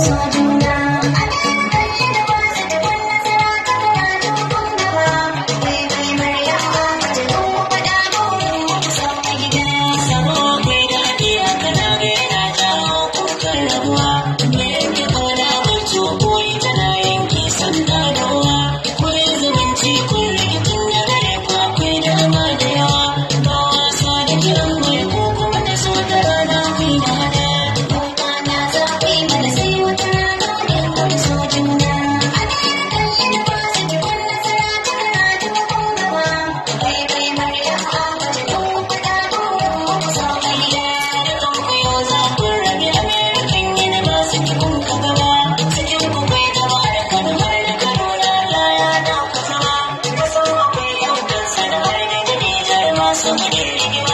So what you Thank you.